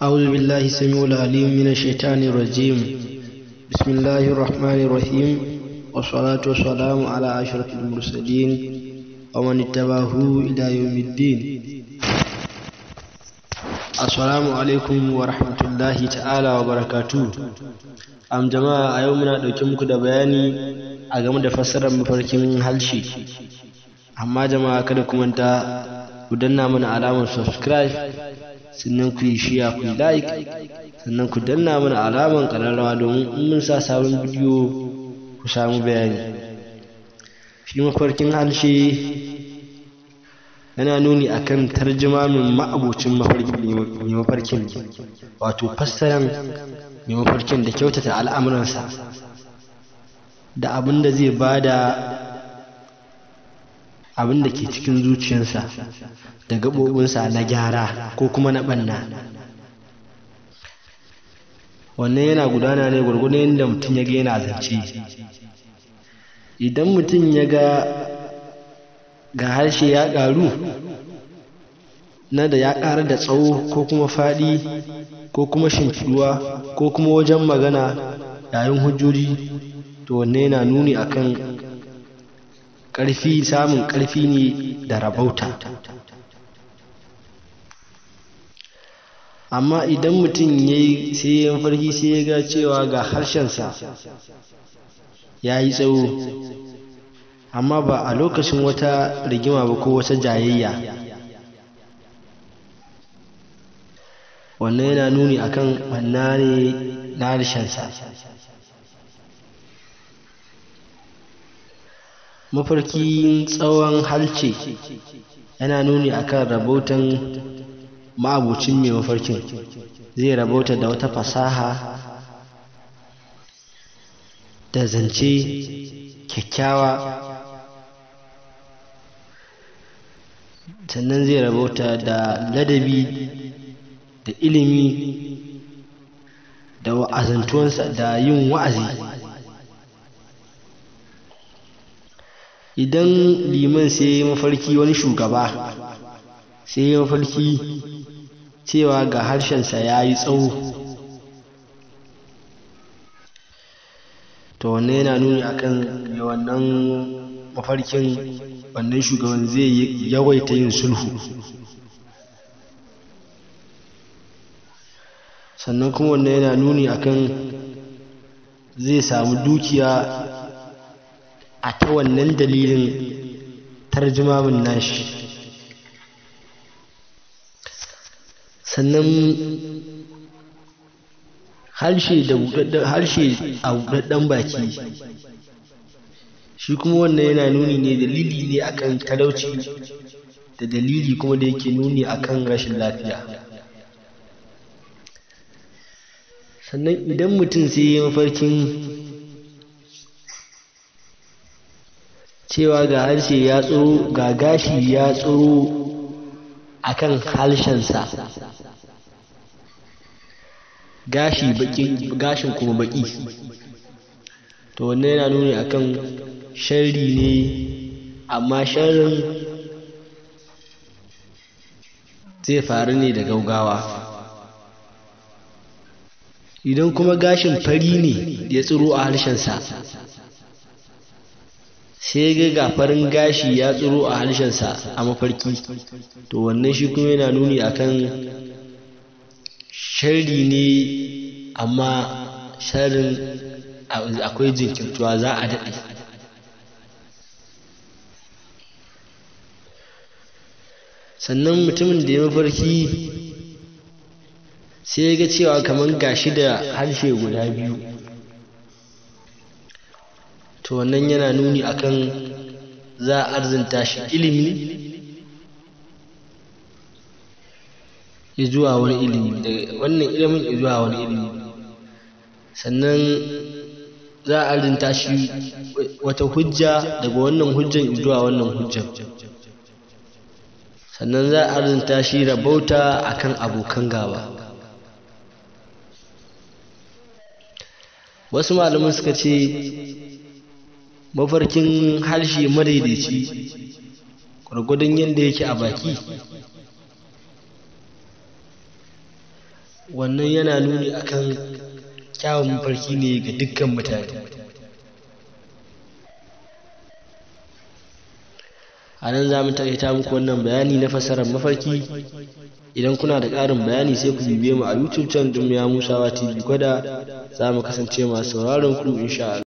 أعوذ بالله السميع العليم من الشيطان الرجيم بسم الله الرحمن الرحيم والصلاة والسلام على أشرف المرسلين ومن اتبعه إلى يوم الدين السلام عليكم ورحمة الله تعالى وبركاته أم جماعة أيومنا دوكمك دبياني أقام دفسر مفركين هالشي أما جماعة كدكم أنت ku danna mana alamar subscribe sannan ku yi shiya ku yi like sannan ku danna mana alamar ƙararrawa domin in mun sa sabon bidiyo ku samu bayani shi mafarkin harshe yana nuni akan tarjimamin ma'abocin mafarkin wato fassaran mai mafarkin da kyautata al'amuransa da abin da zai bada abin da ke cikin zuciyarsa da gaɓoɓinsa na gyara ko kuma na ɓanna wannan yana gudana ne gwargwadon yadda mutum ya ga yana zance idan mutum ya ga ga harshe ya ƙaru na da ya ƙara da tsawo ko kuma faɗi ko kuma shimfiduwa ko kuma wajen magana yayin hujjuri to wannan yana nuni akan ƙarfi samun ƙarfi ne da rabauta amma idan mutum ya yi sai ya farki sai ya ga cewa ga harshensa ya yi tsawo amma ba a lokacin wata rigima ba ko wata jayayya wannan yana nuni akan wannan ne na harshensa mafarkin tsawon halce yana nuni a kan rabotan ma'abucin mai mafarkin zai rabota da wata fasaha da zance kyakkyawa sannan zai rabota da ladabi da ilimi da wa'azantuwansa da yin wa'azi idan liman sai mafarki wani shugaba sai mafarki cewa ga harshensa ya yi tsawo to wannan yana nuni akan wannan mafarkin wannan shugaban zai yawaita yin sulhu sannan kuma wannan yana nuni akan zai samu dukiya a ta wannan dalilin tarjumamin nashi sannan harshe da harshe a buɗaɗɗen baki shi kuma wannan yana nuni ne dalili ne akan talauci da dalili kuma da yake nuni akan rashin lafiya sannan idan mutum sai ya mafarkin cewa ga harshe ya tsoro ga gashi ya tsoro a kan halshensa gashi gashin kuma baki to wannan yana nuni akan sharri ne amma sharrin zai faru ne da gaugawa idan kuma gashin fari ne ya tsoro a harshensa sai ga gafarin gashi ya tsiro a harshensa a mafarki to wannan shi kuma yana nuni akan shari ne amma sharrin akwai jinkirtuwa za a daɗe sannan mutumin da ya mafarki sai ya ga cewa kamar gashi da harshe guda biyu to wannan yana nuni akan za a arzinta shi ilimi ya zuwa wani ilimi daga wannan ilimin ya zuwa wani ilimi sannan za a arzinta shi wata hujja daga wannan hujjan zuwa wannan hujjan sannan za a arzinta shi rabauta akan abokan gaba wasu malamin suka ce mafarkin harshe madaidaici gwargwadon yadda yake a baki wannan yana nuni akan kyawun mafarki ne ga dukkan mutane a nan za mu taƙaita muku wannan bayani na fasarar mafarki idan kuna da ƙarin bayani sai ku bibiye mu a youtube channel ɗin musawa tv gwada za mu kasance masu sauraron ku insha